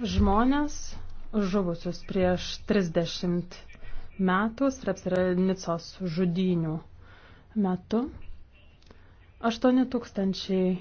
žmonės žuvusius prieš 30 metų Srebrenicos žudynių metu. 8 tūkstančiai